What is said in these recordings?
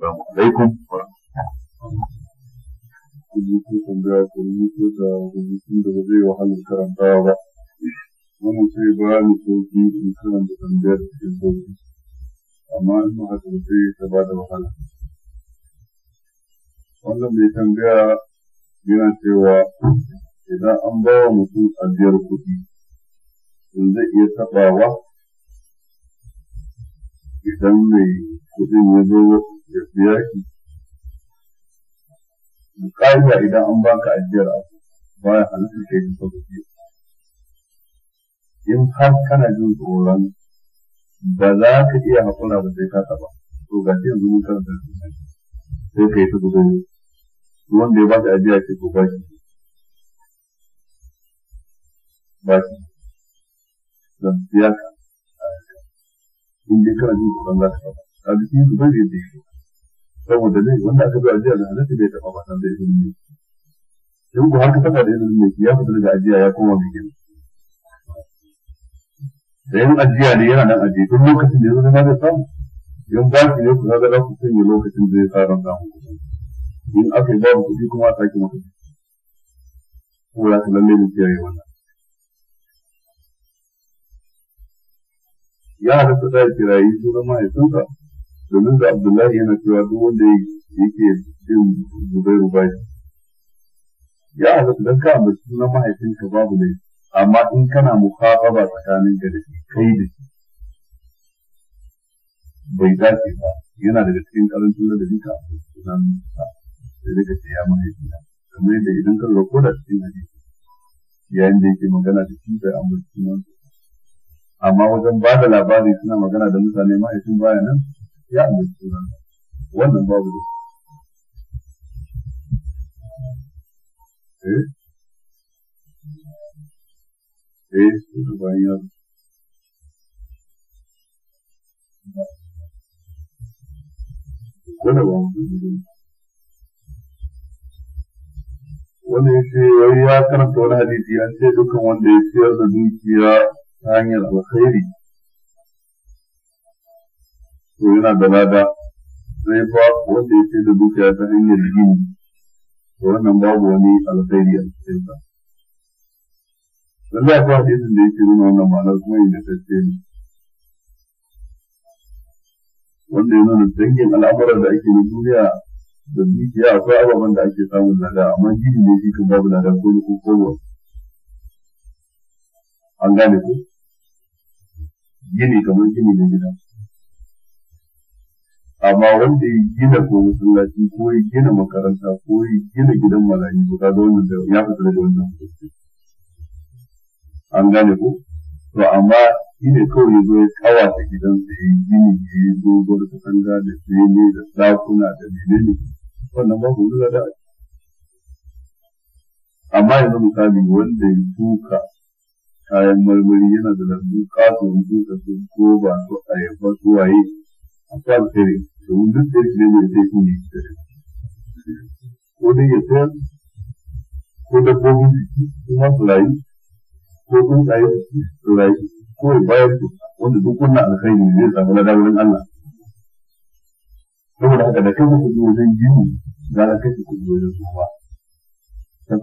السلام عليكم ورحمة الله وبركاته. Wannan sai ba ni sauki in karanta tambayar cikin sauki, amma in ba haka sai ta ba da wahala. Wannan mai tambaya yana cewa idan an ba wa mutum ajiyar kuɗi, in zai iya taɓawa idan mai kuɗin ya zo ya shi ƙa'ida idan an baka ajiyar abu baya halittar kai da sauƙi in har kana jin tsoron ba za ka iya haƙura ba sai ka taɓa to ga shi yanzu mun karanta sai ka yi ta gudu wanda ya ba ka ajiya ce ko ba shi ba shi don ka in dai kana jin tsoron za ka taɓa a jikin zubar da yadda ya saboda zai wanda aka bai ajiya da halatta bai taɓa ba san da izinin ne in ko haka taɓa da izinin ne ya fita daga ajiya ya koma bikin da yin ajiya ne yana nan ajiya duk lokacin da ya zama zai samu Yan ba shi ne su ga za ku sanya lokacin zai sa ran samu Yin aka yi babu kuɗi kuma a sake maka ko ya ka lalle Ya kiyaye wannan ya ta da kirayi sunan mahaifinsa domin da abdullahi yana cewa duk wanda yake jin zubairu bashi ya halatta don ka ambaci sunan mahaifinka babu ne amma in kana mukafaba tsakanin ka da kai da shi bai dace ba yana daga cikin karancin da duka sunan sa sai daga ce ya mahaifina kamar yadda idan ka lura ko da cikin hadisi yayin da yake magana da shi bai ambaci nan? amma wajen ba da labari suna magana da mutane mahaifin baya nan ya ambaci wannan babu ne eh eh bayan ba mutum ne ya ce wai ya karanta wani hadisi an ce dukkan wanda ya ciyar da dukiya ta hanyar alkhairi to yana da lada sai ba wanda ya ce da dukiya ta hanyar gini to wannan babu wani alkhairi a cikin sa dan da akwai hadisin da yake nuna wannan ma'anar kuma inda da ne wanda ya nuna dangin al'amuran da ake na duniya da dukiya akwai ababen da ake samun lada amma gini ne shi kan babu lada ko ko ko an gane ko gini kamar gini na gida amma wanda ya gina ko masallaci ko ya gina makaranta ko ya gina gidan malayi ko kaga wannan da ya fita daga wannan an gane ko to amma ina kawai ya zo ya kawata gidansa ya gini ya yi dogon katanga da bene da dakuna da menene wannan babu wani lada amma yanzu misali wanda ya tuka kayan marmari yana da lardun kasuwan tuka su ko ba su ayaba su waye asal kare domin duk da ne sai kun yi kare ko dai ya sayar ko dabbobin jiki ko ma su rayu ko tsuntsaye su rayu ko ya Allah saboda haka da kai ku zo wajen yiwu za ka kashe kuɗi wajen su ba ta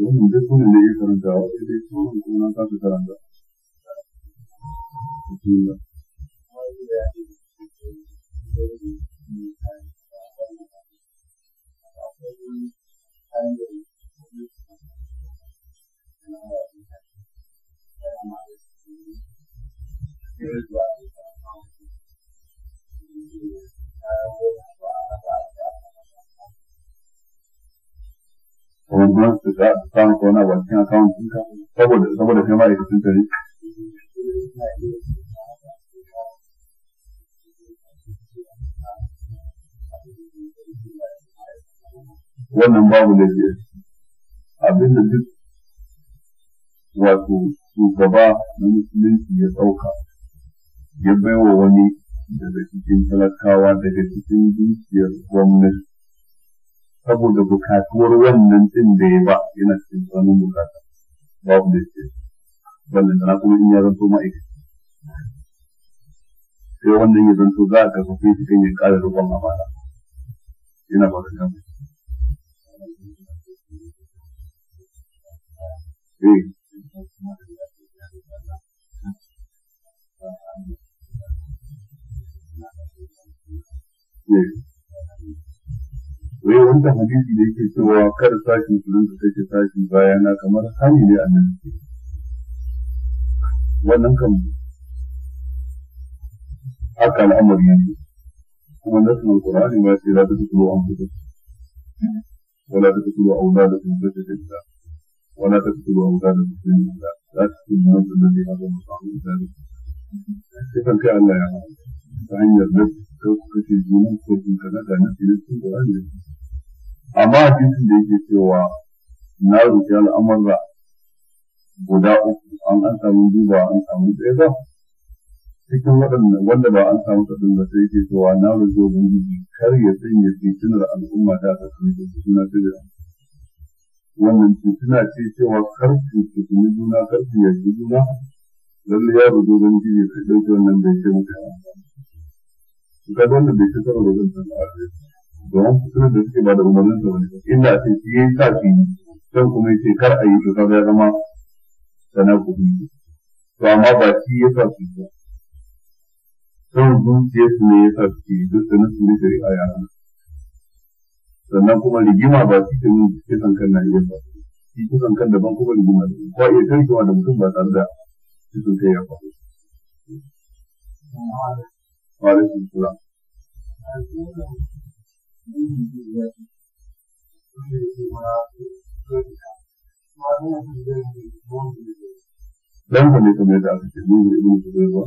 wannan duk sunan da ya karanta wa sai dai sunan kuma na kasa karanta Thank you. hankali wannan babu da ke abinda duk wato shugaba na musulunci ya ɗauka ya baiwa wani daga cikin talakawa daga cikin dukiyar gwamnati saboda bukatuwar wannan ɗin da ya ba yana cikin tsanin bukata babu da ke Wannan ballantana kuma in ya zanto ma'aikaci sai wannan ya zanto za a karfafe shi kan ya ƙara rubon amana ina ba da wai wanda hadisi da yake cewa kar sashi su rinka kashe sashi bayana kamar hali ne annabi wannan kan haka al'amari yake kuma nasu ne Qur'ani ma sai za ta fito an fito ولا تقتلوا أولادكم بشر الله ولا تقتلوا أولادكم في الله لا تقتلوا النفس الذي حرم الله ذلك كيف كان الله يعلم فهي النفس توقف الجنون كنت كذا كان في نفس القرآن amma hadisin da yake cewa na roƙi al'amurra guda uku an an samu duba an samu ɗaya ba cikin waɗanda wanda ba an samu kaɗin da sai ke cewa na rubuta ubangiji kar ya sanya fitinar al'umma ta ta kan da suna tijira wannan fitina ce cewa kar ku tuni juna kar ku yaji juna lalle ya rubuta ubangiji ya ɗauki wannan bai kai mutane ba ga wanda bai kasar da zan ba. domin fitinar da suke ba da umarnin sa wani inda a ce shi ya sa shi don kuma ya ce kar a yi to zama sannan ku bi to amma ba shi ya sa su ba son zuciya su ne ya sa su ke duk da nasu ne shari'a ya hana sannan kuma rigima ba shi da mun kisan kan na iya ba shi kisan kan daban kuma rigima da ko iya karkewa da mutum ba tare da kisan kai ya faru. Wa alaikum salam. Thank you. dan fa ne kamar da aka ce mun da ibnu zubair ba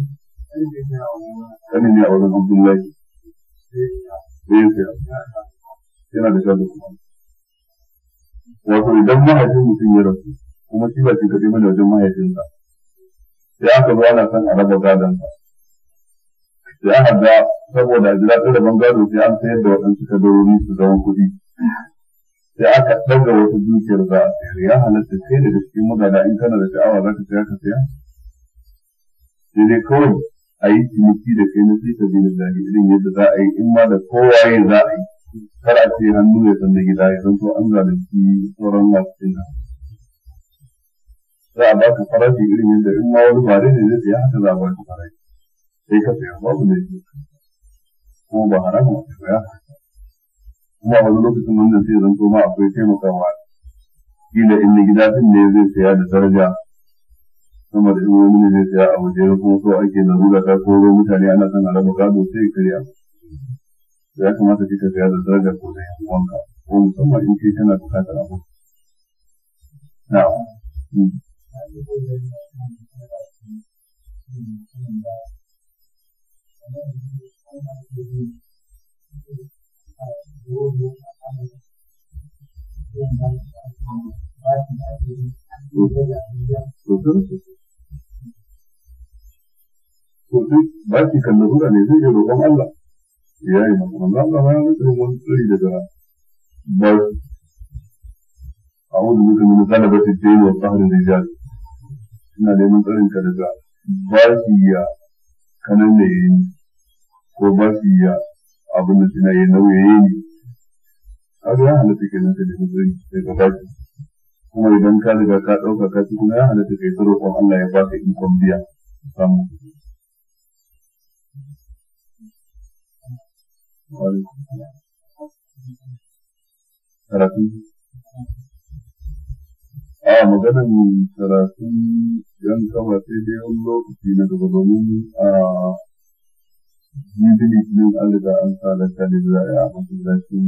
kanin ne a wurin abdullahi eh, sai ya ah, ah, yana da gado kuma wato idan mahaifin mutum ya rasu kuma shi ba shi kaɗai mana wajen mahaifinsa sai aka zo son a raba gadon sa sai saboda a jira da bangaro sai an sayar da waɗansu kadarori su zama kuɗi sai aka ɗaga wata dukiyar za a sayar ya halatta kai daga cikin da in kana da sha'awa za ka saya ka saya sai dai kawai a yi ciniki da kai na fi sabilin lahi irin yadda za a yi in ma da kowaye za a yi kar a ce hannu ya san da gida ya san ko an zalunci sauran masu cin za a ba ka farashi irin yadda in ma wani bare ne zai saya haka za a ba baka farashi sai ka saya babu da shi ko ba haramun ba ya haka kuma wani lokacin wannan sai zan ma akwai taimakawa kila in na gida sun ne zai saya da daraja sama da in wani zai saya a waje kuma so ake larura ta koro mutane ana son a raba gado sai karya ya kamata ki ta saya da daraja ko da yan wanka ko musamman in kai tana bukatar abu na'am Thank hmm. you. ba ki kalli hura ne zai roƙon Allah ya yi masa manzo Allah ya rasa wani tsari daga ba a wani mutum ne kana ba ta ce wa saharin rijal ina neman tsarin ka daga ba shi ya kanan da yayi ko ba shi ya abin da suna yi nauyi yayi kaga ya halatta kenan ka nemi gari kai ka kuma idan ka riga ka ɗauka ka ci kuma ya halatta kai ta roƙon Allah ya baka ikon biya samu karatu a maganar karatun yan kafa sai dai wani lokaci na gaba domin a jibili ɗin an riga an sa lantarki da za a yi a masallacin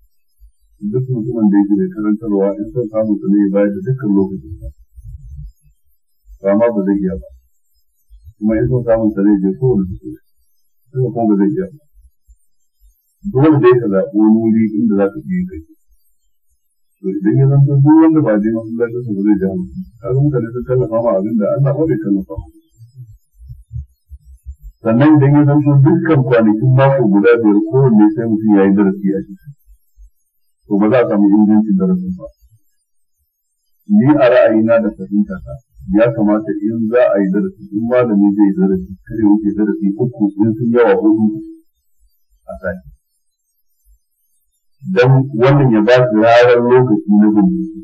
duk mutumin da yake da karantarwa in son samu su zai bayar da dukkan lokacin sa amma ba zai iya ba kuma in son samu sa zai je wani su kuma kuma ba zai iya ba dole dai ka zaɓi wani wuri inda za ka iya yin kai to idan ya zanto duk wanda ba je masallacin sa ba zai je hankali kaga mutane sun tallafa ma abin da Allah ba bai tallafa ma sannan idan ya zanto dukkan kwanakin mako guda biyar kowanne sai mutum ya yi darasi a cikin to ba za a samu ingancin darasin ba ni a ra'ayina da fahimta ta ya kamata in za a yi darasi in malami zai yi darasi kare wuce darasi uku in sun yawa hudu a sati don wannan ya ba su rarar lokaci na bincike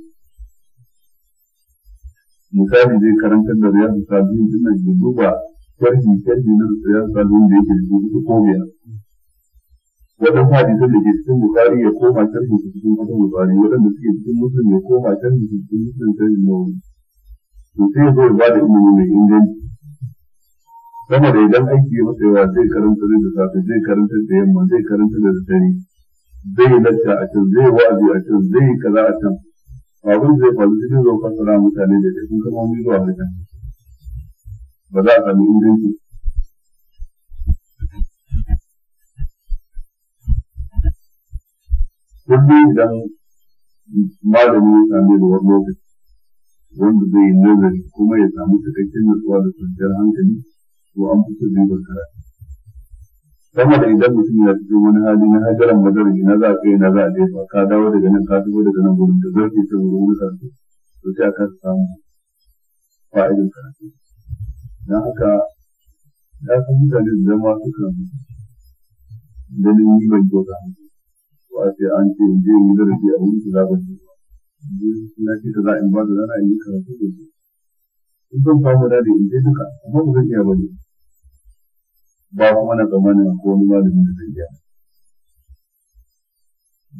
misali zai karantar da riyar sabbin tun da duba sharhi sharhi na riyar misali da yake da ko biyar waɗansu hadisan da ke cikin bukari ya koma sharhin su cikin cikin bukari waɗanda suke cikin muslim ya koma sharhin su cikin muslim sharhin nawawi to sai ya zo ya bada ilimi mai inganci sama da idan aiki ya masa yawa zai karanta zai da safe zai karanta da yamma zai karanta da dare zai lacca a can zai wa'azi a can zai kaza a can abin zai faru cikin zo fasara mutane da cikin kalmomi zuwa harkar ba za a sami inganci kullum idan malami ya same da wani lokaci wanda zai yi nazari kuma ya samu cikakken nutsuwa da kwanciyar hankali ko an fi son ribar karatu sama da idan mutum ya cikin wani hali na hajaran madara na za a kai na za a je ba ka dawo daga nan ka tafi daga nan gurin da zarfi ta wurin wani karatu to sai a kasa samu fa'idin karatu don haka ya san mutane da dama sukan ganin ribar kyauta hankali ba sai an ce in je mu da rafi a wurin za ba ce na ce ka za in ba da rana in yi karatu da shi in zan samu da in je duka amma ba zan iya ba ne ba kuma na tsammanin akwai wani malamin da zai iya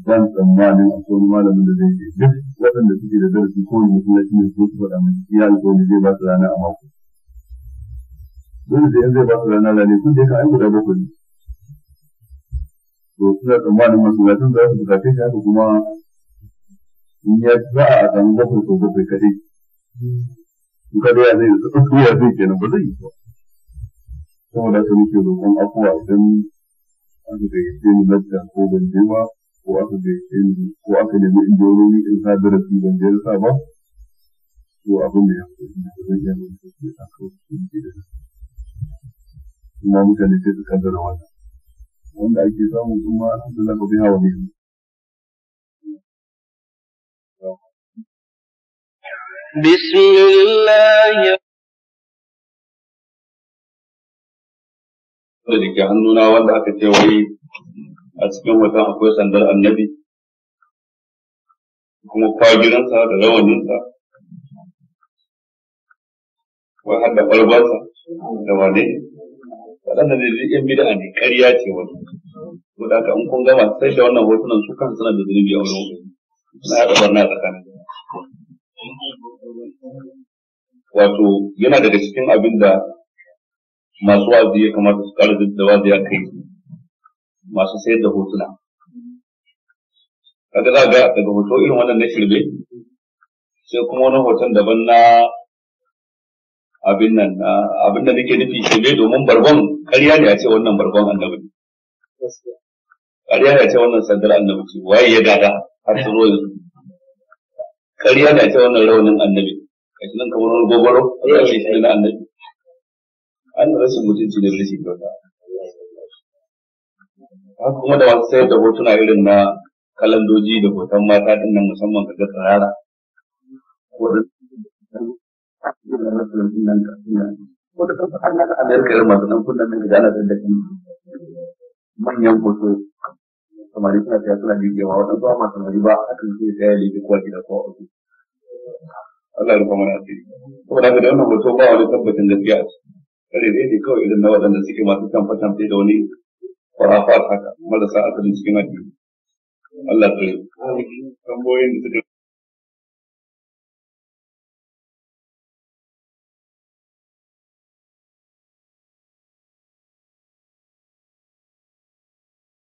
ban tsammanin akwai wani malamin da zai iya duk waɗanda suke da darasi ko wani mutum ya shi ne su faɗa mai iya alƙawari zai ba su rana a mako dole da yanzu zai ba su rana lalai sun je ka aiki da bakwai to suna tsammanin masallacin za su kai shi haka kuma ya za a samu bakwai ko bakwai kadai in kada ya zai da tsakku ya zai kenan ba zai yi ba saboda haka nake roƙon afuwa idan aka gayyace ni lafiya ko ban je ba ko aka gayyace ni ko aka nemi in je in sa darasi ban je sa ba ko abin da ya haɗu da zan iya nuna shi a kawai kuma mutane sai su kaddara wannan wanda ake samu kuma alhamdulillah ba biya wa ni'ima بسم الله da ke hannuna wanda aka ce wai a cikin watan akwai sandar annabi kuma kwagiransa da rawaninsa wai har da kwalbarsa da wane waɗannan da yan bid'a ne ƙarya ce wani saboda haka in kun gama sai da wannan hotunan su kan suna da zunubi a wurin na haɗa barna a tsakanin wato yana daga cikin abin da masu wazi ya kamata su ƙara da wazi ya kai masu sayar da hotuna kaga za ga daga hoto irin wannan na shirbe sai kuma wani hoton daban na abin nan abin da nake nufi shirbe domin barbon ƙarya ne a ce wannan barkon annabi ne ƙarya ne a ce wannan sandar annabi ce waye ya gada har su royin ƙarya ne a ce wannan raunin annabi kashi nan kamar wani gogoro a ce shi na annabi an rashin mutunci da rashin kyauta haka kuma da wasu sayar da hotuna irin na kalandoji da hoton mata din nan musamman ga tsirara ko da nan wata kasa an nada amerika yau nan da kan manyan hoto samari suna tafiya suna jirgewa waɗansu ba masu samari ba a kan sai tsaye da kowa gida kowa wasu Allah ya rufa mana asiri saboda haka da wannan hoto ba wani tabbacin gaskiya kare zai ne kawai irin na waɗanda suke masu tamfe-tamfe da wani kwarafat haka marasa asalin cikin addini Allah ya tsare tambayoyin da suka